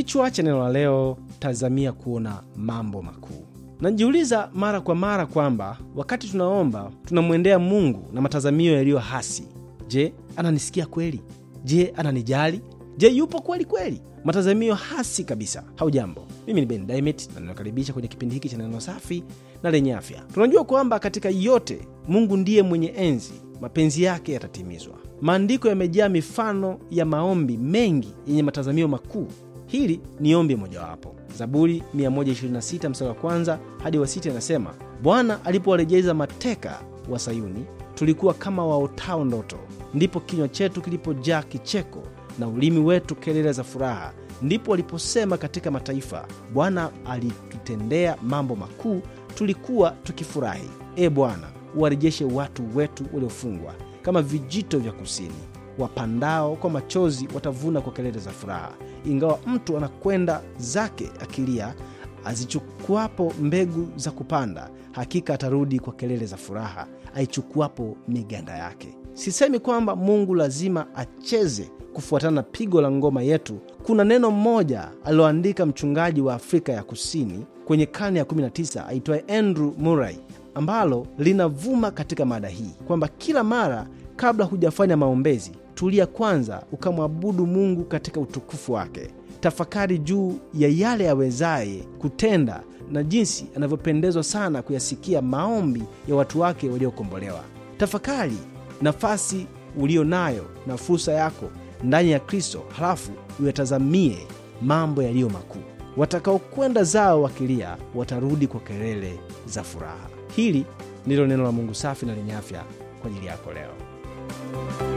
Kichwa cha neno la leo, tazamia kuona mambo makuu. Najiuliza mara kwa mara kwamba wakati tunaomba tunamwendea Mungu na matazamio yaliyo hasi. Je, ananisikia kweli? Je, ananijali? Je, yupo kweli kweli? Matazamio hasi kabisa. hau jambo mimi ni Ben dimet na ninakaribisha kwenye kipindi hiki cha neno safi na lenye afya. Tunajua kwamba katika yote Mungu ndiye mwenye enzi, mapenzi yake yatatimizwa. Maandiko yamejaa mifano ya maombi mengi yenye matazamio makuu Hili ni ombi mojawapo. Zaburi 126 mstari wa kwanza hadi wa sita anasema, Bwana alipowarejeza mateka wa Sayuni, tulikuwa kama waotao ndoto. Ndipo kinywa chetu kilipojaa kicheko na ulimi wetu kelele za furaha. Ndipo waliposema katika mataifa, Bwana alitutendea mambo makuu, tulikuwa tukifurahi. E Bwana, uwarejeshe watu wetu waliofungwa kama vijito vya kusini wapandao kwa machozi watavuna kwa kelele za furaha. Ingawa mtu anakwenda zake akilia, azichukuapo mbegu za kupanda, hakika atarudi kwa kelele za furaha, aichukuapo miganda yake. Sisemi kwamba Mungu lazima acheze kufuatana na pigo la ngoma yetu. Kuna neno mmoja aliloandika mchungaji wa Afrika ya Kusini kwenye karne ya 19 aitwaye Andrew Murray ambalo linavuma katika mada hii kwamba kila mara Kabla hujafanya maombezi, tulia kwanza, ukamwabudu Mungu katika utukufu wake. Tafakari juu ya yale yawezaye kutenda na jinsi anavyopendezwa sana kuyasikia maombi ya watu wake waliokombolewa. Tafakari nafasi uliyo nayo na fursa yako ndani ya Kristo, halafu uyatazamie mambo yaliyo makuu. Watakaokwenda zao wakilia watarudi kwa kelele za furaha. Hili ndilo neno la Mungu safi na lenye afya kwa ajili yako leo. Thank you.